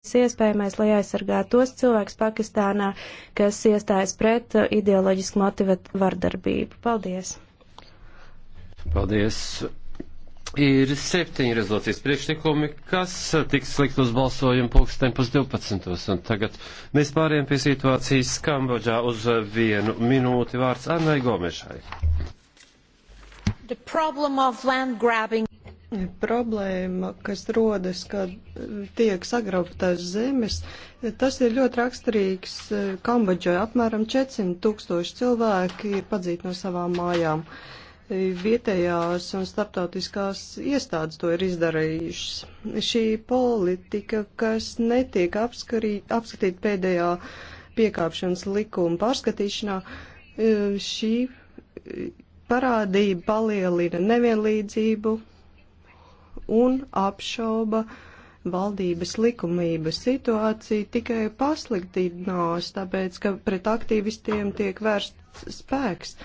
iespējamais, lai aizsargātu tos cilvēkus Pakistānā, kas iestājas pret uh, ideoloģisku motivētu vardarbību. Paldies! Paldies! Ir septiņi rezolūcijas priekšlikumi, kas tiks likt uz balsojumu pulksten pus 12. Un tagad mēs pāriem pie situācijas Kambodžā uz vienu minūti vārds Annai Gomešai problēma, kas rodas, kad tiek sagrautas zemes, tas ir ļoti raksturīgs Kambodžai. Apmēram 400 tūkstoši cilvēki ir padzīti no savām mājām. Vietējās un starptautiskās iestādes to ir izdarījušas. Šī politika, kas netiek apskatīta pēdējā piekāpšanas likuma pārskatīšanā, šī parādība palielina nevienlīdzību, un apšauba valdības likumība. Situācija tikai pasliktinās, tāpēc, ka pret aktīvistiem tiek vērsts spēks.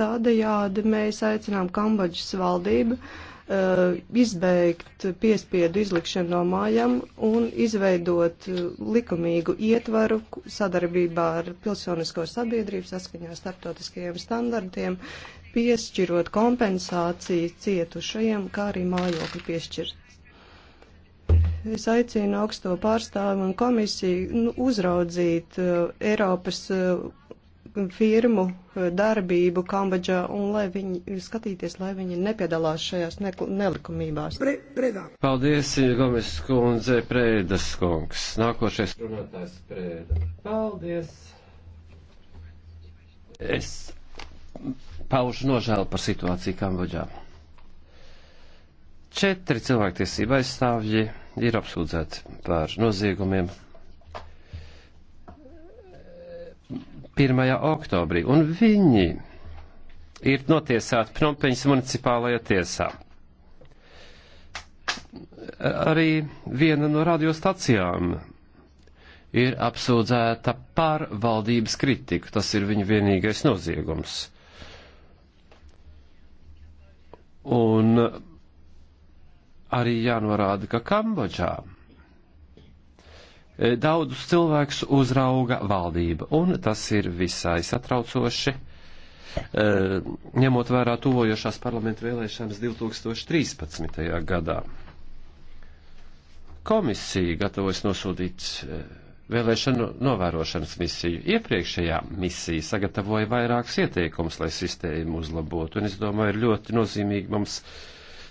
Tādējādi mēs aicinām Kambodžas valdību uh, izbeigt piespiedu izlikšanu no mājām un izveidot uh, likumīgu ietvaru sadarbībā ar pilsonisko sabiedrību saskaņā starptautiskajiem standartiem, piešķirot kompensāciju cietušajiem, kā arī mājokļu piešķirt. Es aicinu augsto pārstāvu un komisiju nu, uzraudzīt uh, Eiropas uh, firmu uh, darbību Kambodžā un lai viņi skatīties, lai viņi nepiedalās šajās ne nelikumībās. Pre, predā. Paldies, Gomes kundze, Prēdas kungs. Nākošais runātājs Prēda. Paldies. Es pauž nožēlu par situāciju Kambodžā. Četri cilvēktiesība aizstāvji ir apsūdzēti par noziegumiem 1. oktobrī, un viņi ir notiesāti Prompeņas municipālajā tiesā. Arī viena no radiostacijām ir apsūdzēta par valdības kritiku. Tas ir viņa vienīgais noziegums. Un arī jānorāda, ka Kambodžā e, daudzus cilvēkus uzrauga valdība, un tas ir visai satraucoši, e, ņemot vērā tuvojošās parlamentu vēlēšanas 2013. gadā. Komisija gatavojas nosūtīt e, vēlēšanu novērošanas misiju. Iepriekšējā misija sagatavoja vairākus ieteikumus, lai sistēmu uzlabotu, un es domāju, ir ļoti nozīmīgi mums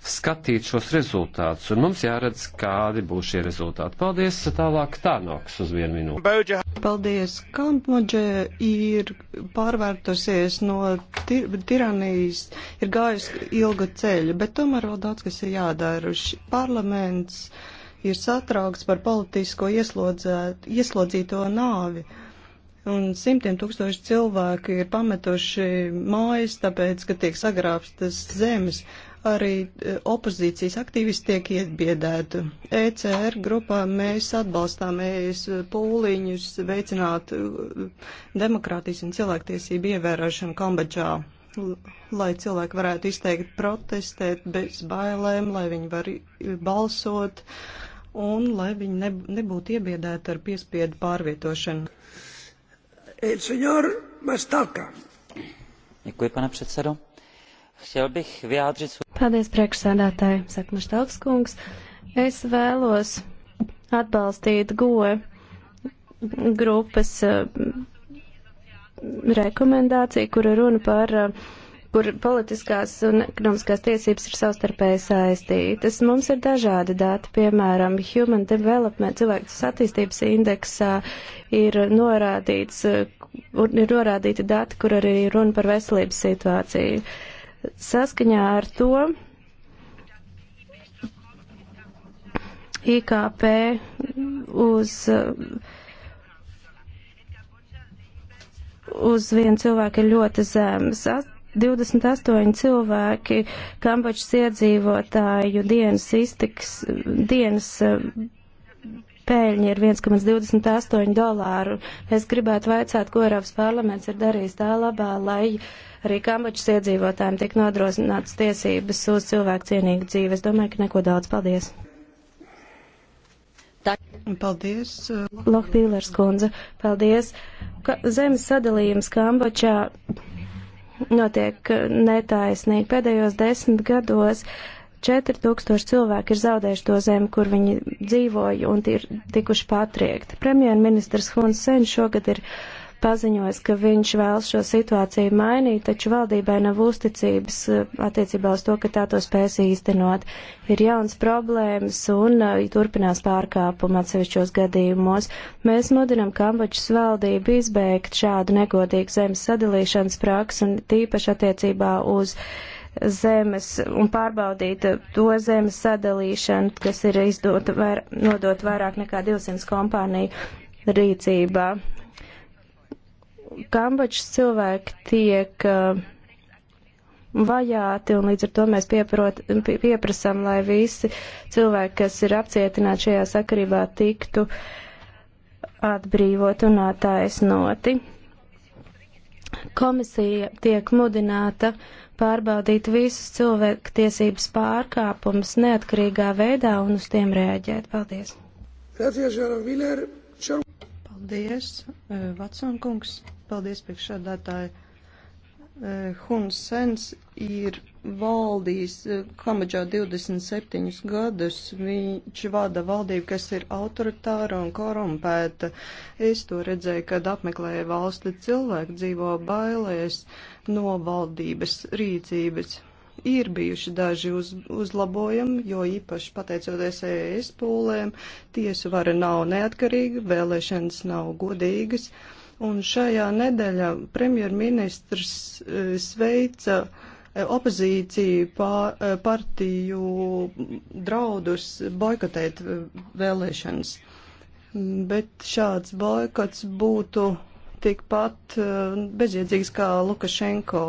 skatīt šos rezultātus, un mums jāredz, kādi būs šie rezultāti. Paldies, tālāk Tānoks uz vienu minūti. Paldies, Kambodža ir pārvērtusies no tir tiranijas, ir gājusi ilgu ceļu, bet tomēr vēl daudz, kas ir jādara. Parlaments. Uh, ir satraukts par politisko ieslodzīto nāvi. Un simtiem tūkstoši cilvēki ir pametuši mājas, tāpēc, ka tiek sagrābstas zemes. Arī e, opozīcijas aktīvisti tiek ietbiedēti. ECR grupā mēs atbalstām ES pūliņus veicināt e, demokrātijas un cilvēktiesību ievērošanu Kambodžā lai cilvēki varētu izteikt protestēt bez bailēm, lai viņi var balsot, un lai viņi nebūtu iebiedēti ar piespiedu pārvietošanu. Eh, Děkuji, pane předsedo. Chtěl bych vyjádřit svůj... Paldies, priekšsēdētāji, saka Maštalks kungs. Es vēlos atbalstīt goe grupas eh, rekomendāciju, kura runa par uh, kur politiskās un ekonomiskās tiesības ir savstarpēji saistītas. Mums ir dažādi dati, piemēram, Human Development cilvēks attīstības indeksā ir norādīts, ir norādīti dati, kur arī runa par veselības situāciju. Saskaņā ar to IKP uz uz vienu cilvēku ir ļoti zems. 28 cilvēki Kambodžas iedzīvotāju dienas iztiks, dienas eh, pēļņi ir 1,28 dolāru. Es gribētu vaicāt, ko Eiropas parlaments ir darījis tā labā, lai arī Kambodžas iedzīvotājiem tiek nodrošināts tiesības uz cilvēku cienīgu dzīvi. Es domāju, ka neko daudz. Paldies! Paldies. Lohpīlers kundze, paldies. Ka zemes sadalījums Kambočā notiek netaisnīgi. Pēdējos desmit gados 4000 cilvēki ir zaudējuši to zemi, kur viņi dzīvoja un ir tikuši patriekti. Premjerministrs Huns Sen šogad ir uh, paziņojis, ka viņš vēlas šo situāciju mainīt, taču valdībai nav uzticības eh, attiecībā uz to, ka tā to spēs īstenot. Ir jauns problēmas un eh, turpinās pārkāpuma atsevišķos gadījumos. Mēs mudinam Kambodžas valdību izbeigt šādu negodīgu zemes sadalīšanas praksu un tīpaši attiecībā uz zemes un pārbaudīt to zemes sadalīšanu, kas ir izdota, vair, nodot vairāk nekā 200 kompāniju rīcībā. Kambačas cilvēki tiek uh, vajāti, un līdz ar to mēs pieprot, pieprasam, lai visi cilvēki, kas ir apcietināti šajā sakarībā, tiktu atbrīvot un attaisnoti. Komisija tiek mudināta pārbaudīt visus cilvēku tiesības pārkāpumus neatkarīgā veidā un uz tiem rēģēt. Paldies! Paldies, eh, Vatsonkungs! Paldies, priekšādātāji. Eh, Hun Sens ir valdījis eh, Kambodžā 27 gadus. Viņš vada valdību, kas ir autoritāra un korumpēta. Es to redzēju, kad apmeklēju valsti. Cilvēki dzīvo bailēs no valdības rīcības. Ir bijuši daži uz, uzlabojumi, jo īpaši pateicoties ES pūlēm, tiesu vara nav neatkarīga, vēlēšanas nav godīgas. Uh, Un šajā nedēļā premjerministrs e, sveica e, opozīciju pār, e, partiju draudus boikotēt vēlēšanas. Bet šāds boikots būtu tikpat bezjēdzīgs kā Lukašenko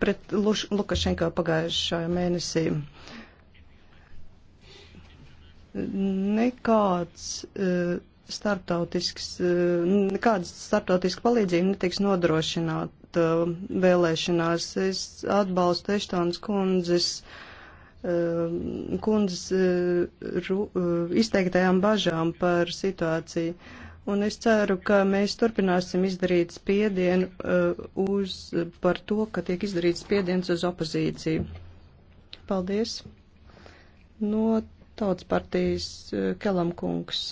pret Luš Lukašenko pagājušajā mēnesī. Nekāds uh, starptautisks, nekādas eh, starptautiska palīdzība netiks nodrošināt eh, vēlēšanās. Es atbalstu Eštānas kundzes, eh, kundzes izteiktajām bažām par situāciju. Un es ceru, ka mēs turpināsim izdarīt spiedienu uz, par to, ka tiek izdarīts spiediens uz opozīciju. Paldies! No Tautas partijas Kelam kungs.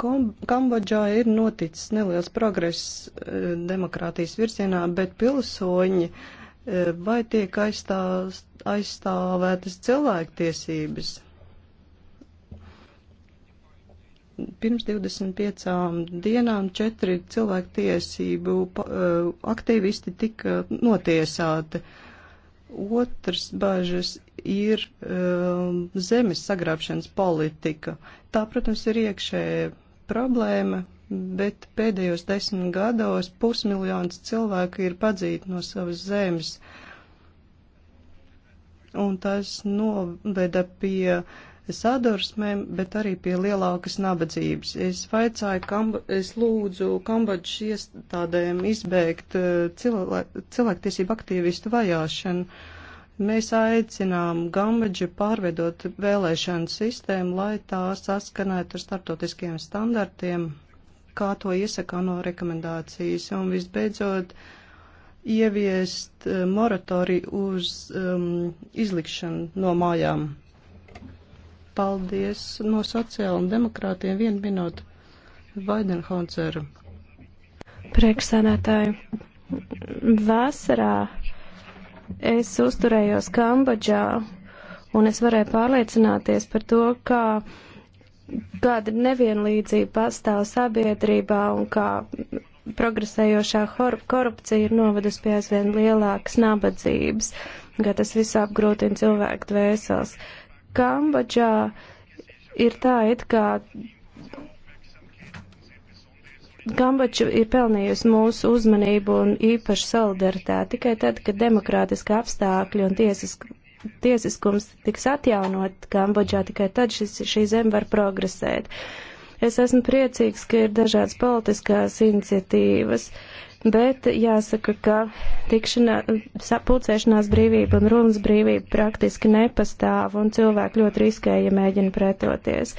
Kambodžā ir noticis neliels progress eh, demokrātijas virzienā, bet pilsoņi eh, vai tiek aizstāv, aizstāvētas cilvēktiesības? Pirms 25 dienām četri cilvēktiesību eh, aktīvisti tika notiesāti. Uh, Otrs bažas ir um, zemes sagrābšanas politika. Tā, protams, ir iekšēja problēma, bet pēdējos desmit gados pusmiljons cilvēku ir padzīti no savas zemes. Un tas noveda pie uh, sadursmēm, bet arī pie lielākas nabadzības. Es vaicāju, kam, es lūdzu Kambodžas iestādēm izbēgt eh, cilvē, cilvēktiesību aktīvistu vajāšanu. Mēs aicinām Gambadžu pārvedot vēlēšanu sistēmu, lai tā saskanētu ar startotiskiem standartiem, kā to iesaka no rekomendācijas. Un visbeidzot, ieviest eh, moratoriju uz um, izlikšanu no mājām Paldies no sociāla demokrātiem vienu minūtu. Vaidenhonceru. Priekšsēdētāji, vasarā es uzturējos Kambodžā un es varēju pārliecināties par to, kā kāda nevienlīdzība pastāv sabiedrībā un kā progresējošā korupcija ir novedus pie aizvien lielākas nabadzības, kā tas viss apgrūtina cilvēku dvēseles. Uh, Kambodžā ir tā, it kā Kambodža ir pelnījusi mūsu uzmanību un īpaši solidaritāti tikai tad, kad demokrātiski apstākļi un tiesisk, tiesiskums tiks atjaunot Kambodžā, tikai tad šis, šī zeme var progresēt. Es esmu priecīgs, ka ir dažādas politiskās iniciatīvas, bet jāsaka, ka tikšanā, sapulcēšanās brīvība un runas brīvība praktiski nepastāv, un cilvēki ļoti riskē, ja mēģina pretoties.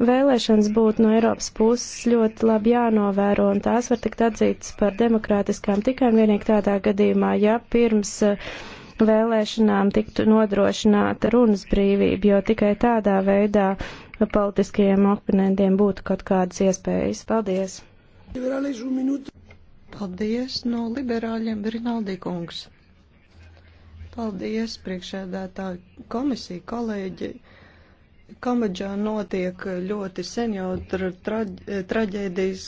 Vēlēšanas būtu no Eiropas puses ļoti labi jānovēro, un tās var tikt atzītas par demokrātiskām tikai un vienīgi tādā gadījumā, ja pirms uh, vēlēšanām tiktu nodrošināta runas brīvība, jo tikai tādā veidā politiskajiem oponentiem būtu kaut kādas iespējas. Paldies! Liberālis, un minūte. Paldies no liberāļiem Rinaldī kungs. Paldies, priekšēdētāji komisija, kolēģi. Kambodžā notiek ļoti sen jau tra traģ traģēdijas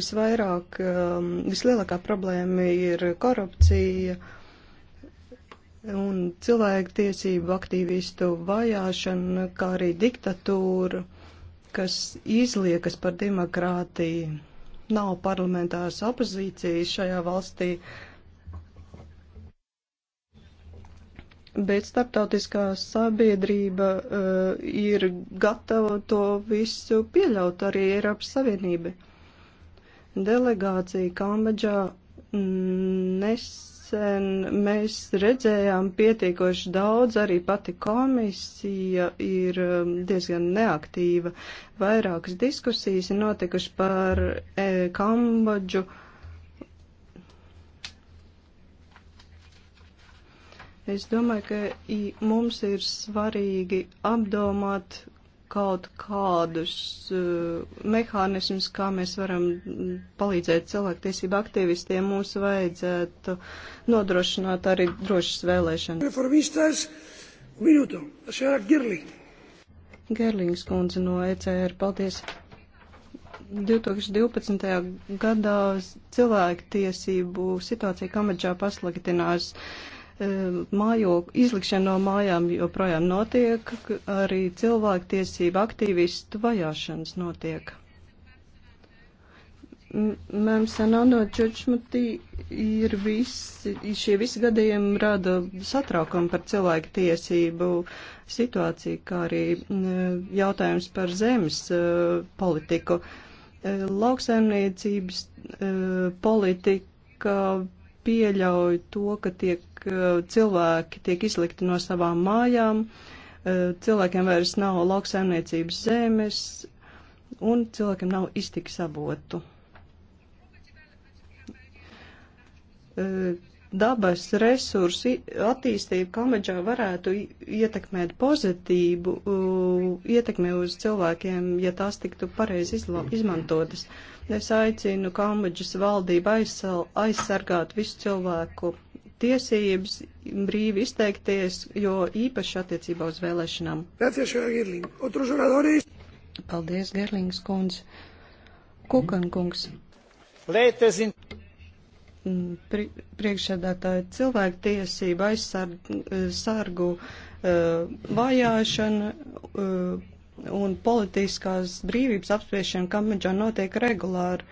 visvairāk, um, vislielākā problēma ir korupcija un cilvēktiesību aktīvistu vajāšana, kā arī diktatūra, kas izliekas par demokrātiju nav parlamentāras opozīcijas šajā valstī, bet starptautiskā sabiedrība uh, ir gatava to visu pieļaut arī Eiropas Savienība. Delegācija Kambadžā mm, nes nesen mēs redzējām pietiekoši daudz, arī pati komisija ir um, diezgan neaktīva. Vairākas diskusijas ir notikušas par e, Kambodžu. Es domāju, ka mums ir svarīgi apdomāt, kaut kādus eh, mehānismus, kā mēs varam palīdzēt cilvēktiesību aktīvistiem, mums vajadzētu nodrošināt arī drošas vēlēšanas. Reformistas minūto, šajā Gerling. Gerlings kundze no ECR, paldies. 2012. gadā cilvēktiesību situācija Kamadžā pasliktinās. Uh, Ehm, mājokļu izlikšana no mājām joprojām notiek, arī cilvēktiesība aktīvistu vajāšanas notiek. Mēm Sanando Čučmatī ir visi, šie visi gadījumi rada satraukumu par cilvēku tiesību situāciju, kā arī jautājums par zemes e, politiku. E, lauksaimniecības e, politika pieļauj to, ka tiek uh, cilvēki tiek izlikti no savām mājām, uh, cilvēkiem vairs nav lauksaimniecības zemes un cilvēkiem nav iztiks avotu. Uh, dabas resursu attīstību Kambodžā varētu ietekmēt pozitīvu ietekmi uz cilvēkiem, ja tās tiktu pareizi izmantotas. Es aicinu Kambodžas valdību aizsargāt visu cilvēku tiesības brīvi izteikties, jo īpaši attiecībā uz vēlēšanām. Paldies, Gerlings kundze. Kukan kungs. Lētezin. Mm, priekšsēdētāja cilvēktiesība aizsargu eh, eh, vajāšana eh, un politiskās brīvības apspiešana Kambodžā notiek regulāri.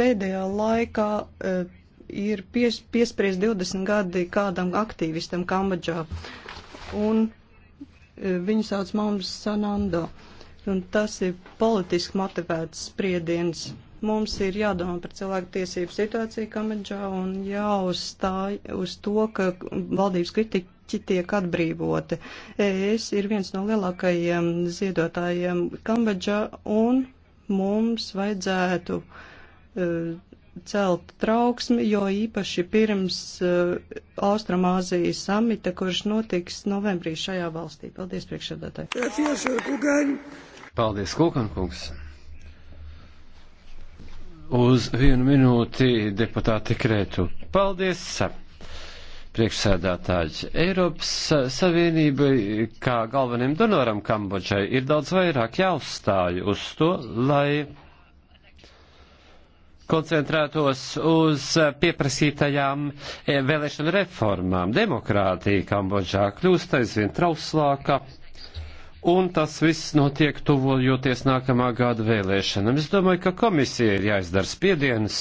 Pēdējā laikā ir pies, piespriezt 20 gadi kādam aktīvistam Kambodžā. Un viņu sauc Maums Sanando. Un tas ir politiski motivēts spriediens. Mums ir jādomā par cilvēku tiesību situāciju Kambodžā un jāuzstāj uz to, ka valdības kritiķi tiek atbrīvoti. Es ir viens no lielākajiem ziedotājiem Kambodžā un mums vajadzētu uh, celt trauksmi, jo īpaši pirms uh, Austrumāzijas samita, kurš notiks novembrī šajā valstī. Paldies priekšsēdētāji. Paldies, Kukan kungs. Uz vienu minūti deputāti Krētu. Paldies! Priekšsēdētāji, Eiropas Savienība kā galvenam donoram Kambodžai ir daudz vairāk jāuzstāj uz to, lai koncentrētos uz pieprasītajām eh, vēlēšanu reformām. Demokrātija Kambodžā kļūst aizvien trauslāka Un tas viss notiek tuvojoties nākamā gada vēlēšanām. Es domāju, ka komisija ir jāizdara spiediens,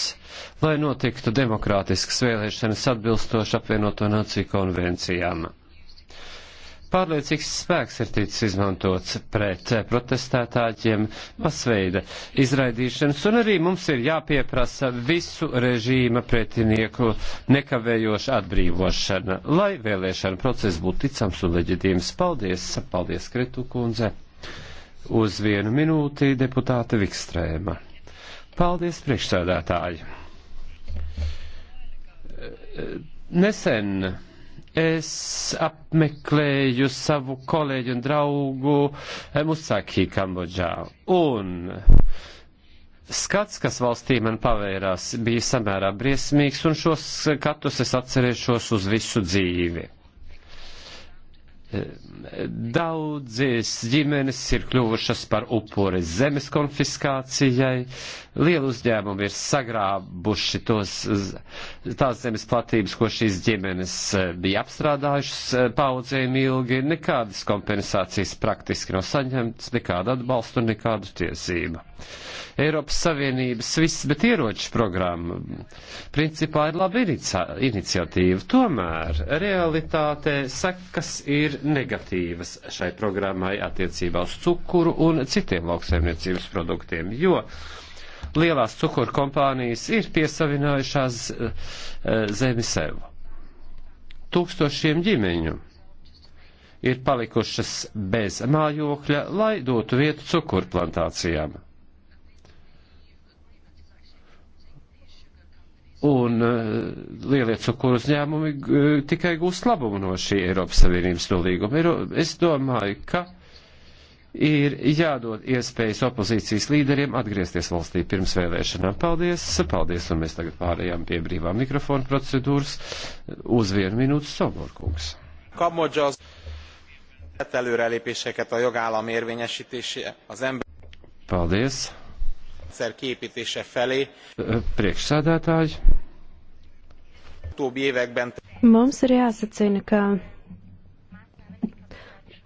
lai notiktu demokrātiskas vēlēšanas atbilstoši apvienoto nāciju konvencijām. Pārliecīgs spēks ir ticis izmantots pret eh, protestētāģiem, masveida izraidīšanas, un arī mums ir jāpieprasa visu režīma pretinieku nekavējoša atbrīvošana, lai vēlēšana process būtu ticams un leģitīms. Paldies, paldies, Kretu kundze. Uz vienu minūti deputāte Vikstrēma. Paldies, priekšsēdētāji. Eh, nesen Es apmeklēju savu kolēģi un draugu eh, Musakī Kambodžā. Un skats, kas valstī man pavērās, bija samērā briesmīgs, un šos skatus es atcerēšos uz visu dzīvi. Daudzies ģimenes ir kļuvušas par upuri zemes konfiskācijai, lielu uzņēmumu ir sagrābuši tos, tās zemes platības, ko šīs ģimenes eh, bija apstrādājušas eh, paudzēm ilgi, nekādas kompensācijas praktiski nav no saņemtas, nekāda atbalsta un nekādu tiesību. Eiropas Savienības viss, bet ieroču programma principā ir laba inicia iniciatīva. Tomēr realitātē sekas ir ir negatīvas šai programmai attiecībā uz cukuru un citiem lauksaimniecības produktiem, jo lielās cukuru kompānijas ir piesavinājušās eh, eh, zemi sev. Tūkstošiem ģimeņu ir palikušas bez mājokļa, lai dotu vietu cukurplantācijām. un eh, lielie cukuru uzņēmumi eh, tikai gūst labumu no šī Eiropas Savienības nolīguma. Es domāju, ka ir jādod iespējas opozīcijas līderiem atgriezties valstī pirms vēlēšanām. Paldies, paldies, un mēs tagad pārējām pie brīvā mikrofona procedūras uz vienu minūtu Soborkungs. Kamodžos előrelépéseket a jogállam érvényesítése az ember. Paldies rendszer kiépítése felé. Priekšsēdētāji. Mums ir jāsacina, ka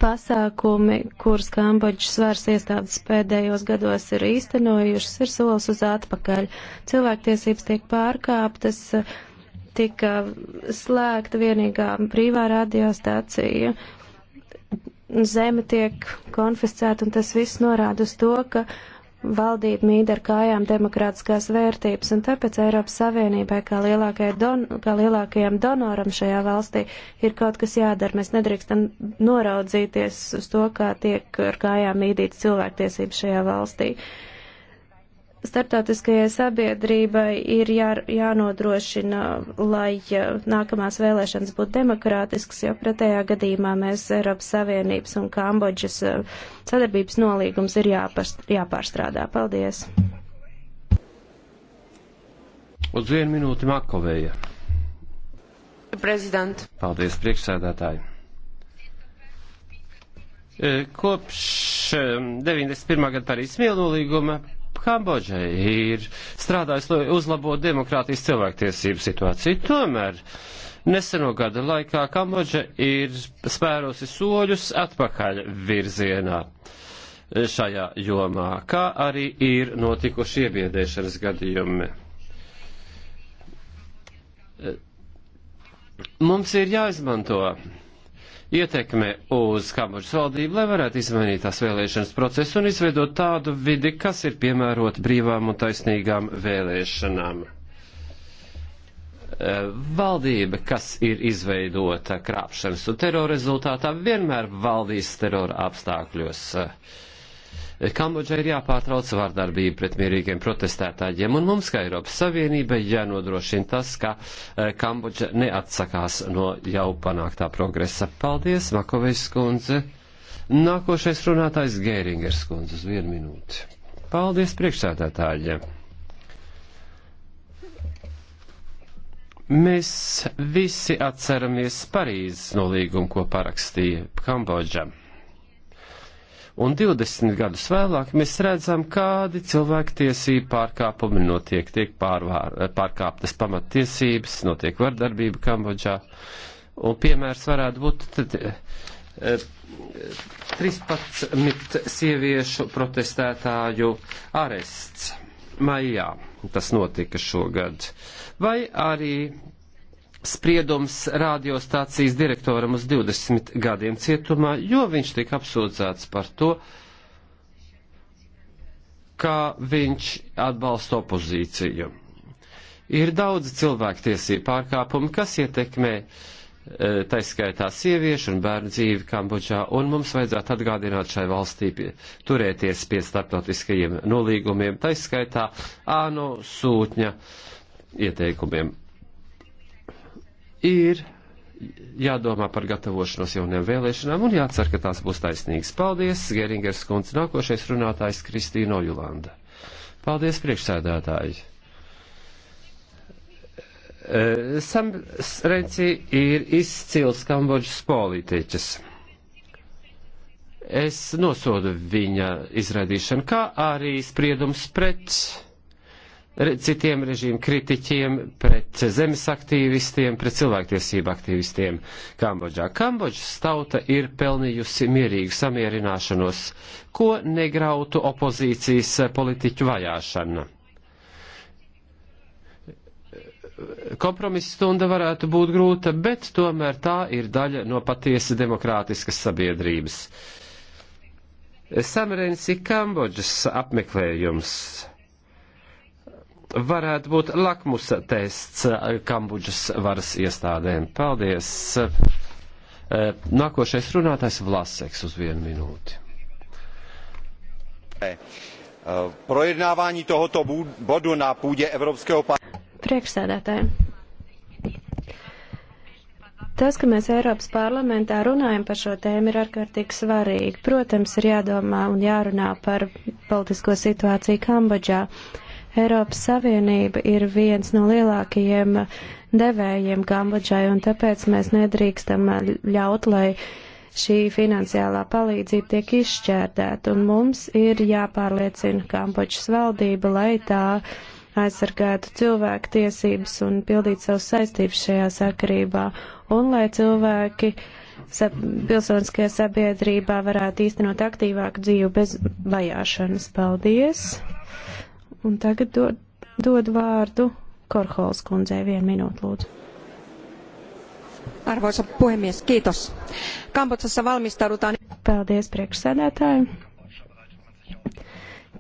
pasākumi, kuras Kambodžas svars iestādes pēdējos gados ir īstenojušas, ir solis uz atpakaļ. Cilvēktiesības tiek pārkāptas, tika slēgta vienīgā brīvā radiostācija, zeme tiek konfiscēta, un tas viss norāda uz to, ka uh, valdība mīd ar kājām demokrātiskās vērtības, un tāpēc Eiropas Savienībai, kā, don, kā lielākajam donoram šajā valstī, ir kaut kas jādara. Mēs nedrīkstam noraudzīties uz to, kā tiek ar kājām mīdīts cilvēktiesības šajā valstī. Uh, starptautiskajai sabiedrībai ir jā, jānodrošina, lai nākamās vēlēšanas būtu demokrātiskas, jo pretējā gadījumā mēs Eiropas Savienības un Kambodžas eh, sadarbības nolīgums ir jāpārstrādā. Paldies! Uz vienu minūti Makovēja. Prezident. Paldies, priekšsēdētāji. Eh, kopš 91. Eh, gada Parīzes mielnolīguma Kambodža ir strādājis, lai uzlabotu demokrātijas cilvēktiesību situāciju. Tomēr neseno gada laikā Kambodža ir spērusi soļus atpakaļ virzienā šajā jomā, kā arī ir notikuši iebiedēšanas gadījumi. Mums ir jāizmanto ietekme uz Kambodžas valdību, lai varētu izmainīt tās vēlēšanas procesu un izveidot tādu vidi, kas ir piemērot brīvām un taisnīgām vēlēšanām eh, valdība, kas ir izveidota krāpšanas un terora rezultātā, vienmēr valdīs terora apstākļos. Uh, Kambodžai ir jāpārtrauc vārdarbība pret mierīgiem protestētājiem, un mums, kā Eiropas Savienībai, jānodrošina tas, ka eh, Kambodža neatsakās no jau panāktā progresa. Paldies, Makovejs kundze. Nākošais runātājs Gēringers kundze uz vienu minūti. Paldies priekšsēdētājiem. Mēs visi atceramies Parīzes nolīgumu, ko parakstīja Kambodža. Un 20 gadus vēlāk mēs redzam, kādi cilvēktiesību pārkāpumi notiek, tiek pārvār, pārkāptas pamattiesības, notiek vardarbība Kambodžā. Un piemērs varētu būt. Tad, 13 e, sieviešu protestētāju arests maijā. Tas notika šogad. Vai arī spriedums radiostācijas direktoram uz 20 gadiem cietumā, jo viņš tika apsūdzēts par to, ka viņš atbalsta opozīciju. Ir daudz cilvēktiesību pārkāpumi, kas ietekmē e, taiskaitā sieviešu un bērnu dzīvi Kambodžā, un mums vajadzētu atgādināt šai valstī pie, turēties pie starptautiskajiem nolīgumiem, taiskaitā āno sūtņa ieteikumiem ir jādomā par gatavošanos jauniem vēlēšanām un jācer, ka tās būs taisnīgas. Paldies, Geringers kundze, nākošais runātājs Kristīna Ojulanda. Paldies, priekšsēdētāji. E, Sam Renci ir izcils Kambodžas politiķis. Es nosodu viņa izraidīšanu, kā arī spriedums pret citiem režīmu kritiķiem, pret zemes aktīvistiem, pret cilvēktiesību aktīvistiem Kambodžā. Kambodžas tauta ir pelnījusi mierīgu samierināšanos, ko negrautu opozīcijas politiķu vajāšana. Kompromisa stunda varētu būt grūta, bet tomēr tā ir daļa no patiesi demokrātiskas sabiedrības. Samarēns ir Kambodžas apmeklējums varētu būt lakmus tests eh, Kambudžas varas iestādēm. Paldies! Eh, nākošais runātājs Vlaseks uz vienu minūti. Eh, projednávání tohoto bodu na půdě Evropského parlamentu. Tas, ka mēs Eiropas parlamentā runājam par šo tēmu, ir ārkārtīgi svarīgi. Protams, ir jādomā un jārunā par politisko situāciju Kambodžā. Uh, Eiropas Savienība ir viens no lielākajiem devējiem Kambodžai, un tāpēc mēs nedrīkstam ļaut, lai šī finansiālā palīdzība tiek izšķērdēta, un mums ir jāpārliecina Kambodžas valdība, lai tā aizsargētu cilvēku tiesības un pildītu savus saistības šajā sakarībā, un lai cilvēki sa pilsoniskajā sabiedrībā varētu īstenot aktīvāku dzīvi bez vajāšanas. Paldies! Un tagad dod, dod vārdu Korholas kundzei vienu minūtu lūdzu. Arvoisa puhemies, kiitos. Kambodsassa valmistaudutaan. Paldies priekšsēdētāji.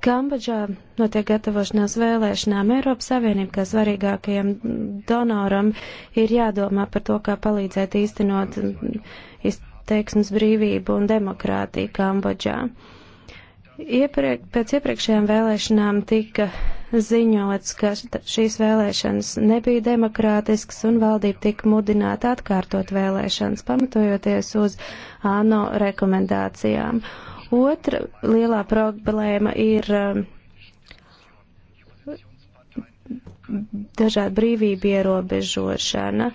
Kambodžā notiek gatavošanās vēlēšanām Eiropas Savienība, kā svarīgākajam donoram, ir jādomā par to, kā palīdzēt īstenot izteiksmes brīvību un demokrātiju Kambodžā. Uh, Iepriek, pēc iepriekšējām vēlēšanām tika ziņots, ka šīs vēlēšanas nebija demokrātiskas un valdība tika mudināta atkārtot vēlēšanas, pamatojoties uz ANO rekomendācijām. Otra lielā problēma ir um, dažāda brīvība ierobežošana.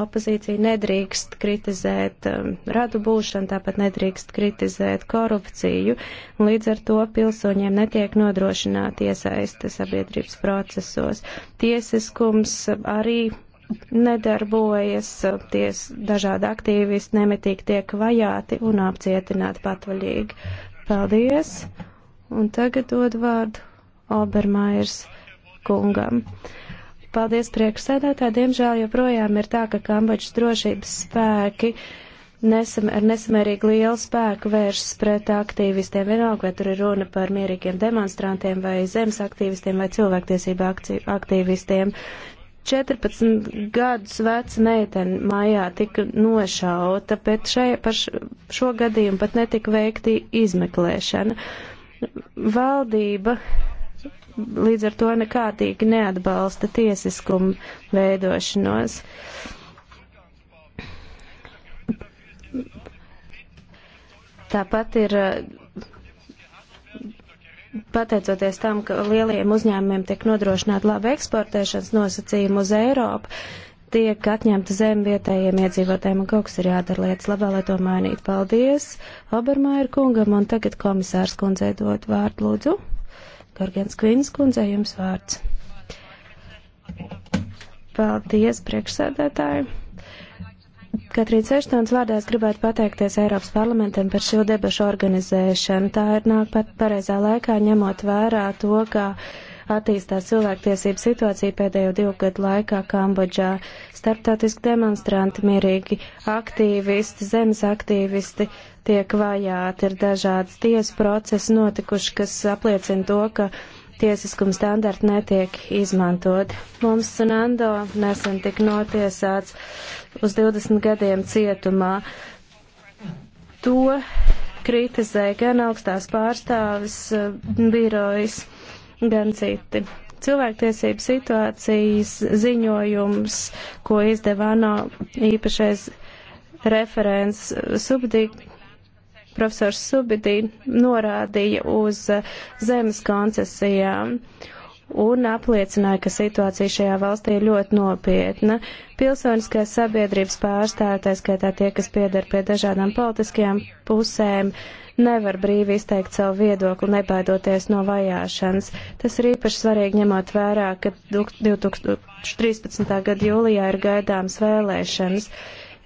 Opozīcija nedrīkst kritizēt um, radu būšanu, tāpat nedrīkst kritizēt korupciju, un līdz ar to pilsoņiem netiek nodrošināta iesaiste sabiedrības procesos. Tiesiskums arī nedarbojas, ties dažādi aktīvisti nemitīgi tiek vajāti un apcietināti patvaļīgi. Paldies! Un tagad dod vārdu Obermairs kungam. Uh, Paldies priekšsēdētāji. Diemžēl joprojām ir tā, ka Kambodžas drošības spēki nesam, ar nesamērīgi lielu spēku vēršas pret aktīvistiem. Vienalga, vai tur ir runa par mierīgiem demonstrantiem vai zemes aktīvistiem vai cilvēktiesību aktīvistiem. 14 gadus veca meitene mājā tika nošauta, bet šai, par šo gadījumu pat netika veikti izmeklēšana. Valdība līdz ar to nekārtīgi neatbalsta tiesiskumu veidošanos. Tāpat ir pateicoties tam, ka lieliem uzņēmumiem tiek nodrošināta laba eksportēšanas nosacījuma uz Eiropu, tiek atņemta zem vietējiem iedzīvotājiem, un kaut kas ir jādara lietas labā, lai to mainītu. Paldies Obermaier kungam, un tagad komisārs kundzei dot vārdu, lūdzu. Gorgens Kvīnas kundze, jums vārds. Paldies, priekšsēdētāji. Katrīna Seštons vārdā es gribētu pateikties Eiropas parlamentam par šo debašu organizēšanu. Tā ir nāk pat pareizā laikā, ņemot vērā to, ka. Uh, attīstās cilvēktiesību situācija pēdējo divu gadu laikā Kambodžā. Starptautiski demonstranti, mierīgi aktīvisti, zemes aktīvisti tiek vajāti, ir dažādas tiesu procesi notikuši, kas apliecina to, ka tiesiskuma standarti netiek izmantot. Mums Sanando nesen tik notiesāts uz 20 gadiem cietumā. To kritizē gan augstās pārstāvis eh, birojas, gan citi. Cilvēktiesību situācijas ziņojums, ko izdeva ANO īpašais referents Subdī, profesors Subidī, norādīja uz zemes koncesijām. Uh, un apliecināja, ka situācija šajā valstī ir ļoti nopietna. Pilsoniskās sabiedrības pārstāvja, tā skaitā tie, kas pieder pie dažādām politiskajām pusēm, nevar brīvi izteikt savu viedokli, nebaidoties no vajāšanas. Tas ir īpaši svarīgi ņemot vērā, ka 2013. gada jūlijā ir gaidāms vēlēšanas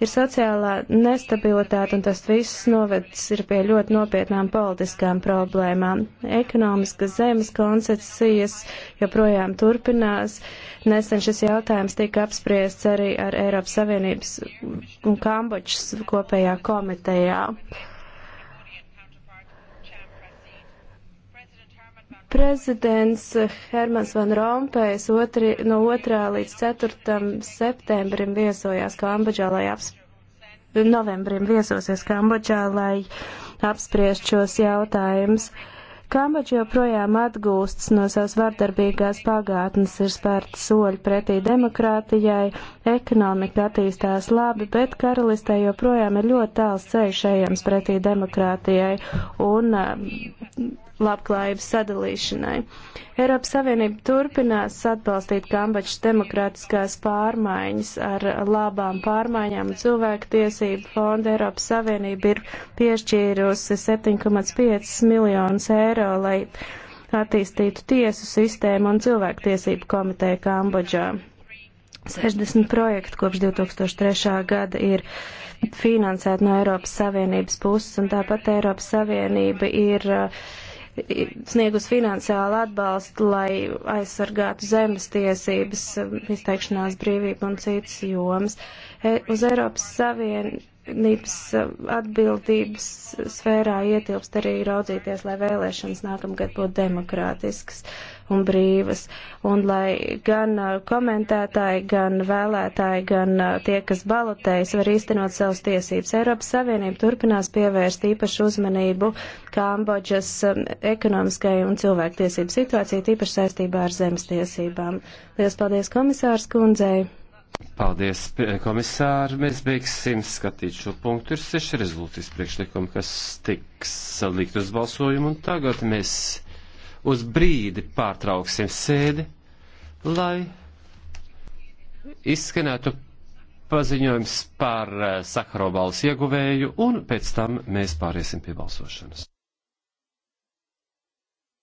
ir sociālā nestabilitāte, un tas viss novedis ir pie ļoti nopietnām politiskām problēmām. Ekonomiskas zemes koncesijas joprojām turpinās. Nesen šis jautājums tika apspriests arī ar Eiropas Savienības un Kambočas kopējā komitejā. Prezidents Hermans Van Rompējs otri, no 2. līdz 4. septembrim viesojās Kambodžā, lai apspriest novembrim viesosies Kambodžā, lai apspriest šos jautājumus. Uh, Kambodža joprojām atgūstas no savas vardarbīgās pagātnes, ir spērta soļi pretī demokrātijai, ekonomika attīstās labi, bet karalistē joprojām ir ļoti tāls ceļš ejams pretī demokrātijai un um, labklājības sadalīšanai. Eiropas Savienība turpinās atbalstīt Kambodžas demokrātiskās pārmaiņas ar labām pārmaiņām cilvēku tiesību fonda. Eiropas Savienība ir piešķīrusi 7,5 miljonus eiro dara, lai attīstītu tiesu sistēmu un cilvēktiesību komiteju Kambodžā. 60 projektu kopš 2003. gada ir finansēti no Eiropas Savienības puses, un tāpat Eiropas Savienība ir eh, sniegus finansiālu atbalstu, lai aizsargātu zemes tiesības, izteikšanās brīvību un citas jomas. Uh, E, uz Eiropas Savienības e, atbildības sfērā ietilpst arī raudzīties, lai vēlēšanas nākamgad būtu demokrātiskas un brīvas. Un lai gan e, komentētāji, gan vēlētāji, gan tie, kas balotējas, var īstenot savas tiesības. Eiropas Savienība turpinās pievērst īpašu uzmanību Kambodžas ekonomiskai un cilvēktiesību situācijai, tīpaši saistībā ar zemes tiesībām. Lielas paldies komisārs kundzei! Paldies, komisāri. Mēs beigsim skatīt šo punktu. Ir seši rezultīs priekšlikumi, kas tiks likt uz balsojumu, un tagad mēs uz brīdi pārtrauksim sēdi, lai izskanētu paziņojums par eh, Sakarobalas ieguvēju, un pēc tam mēs pāriesim pie balsošanas.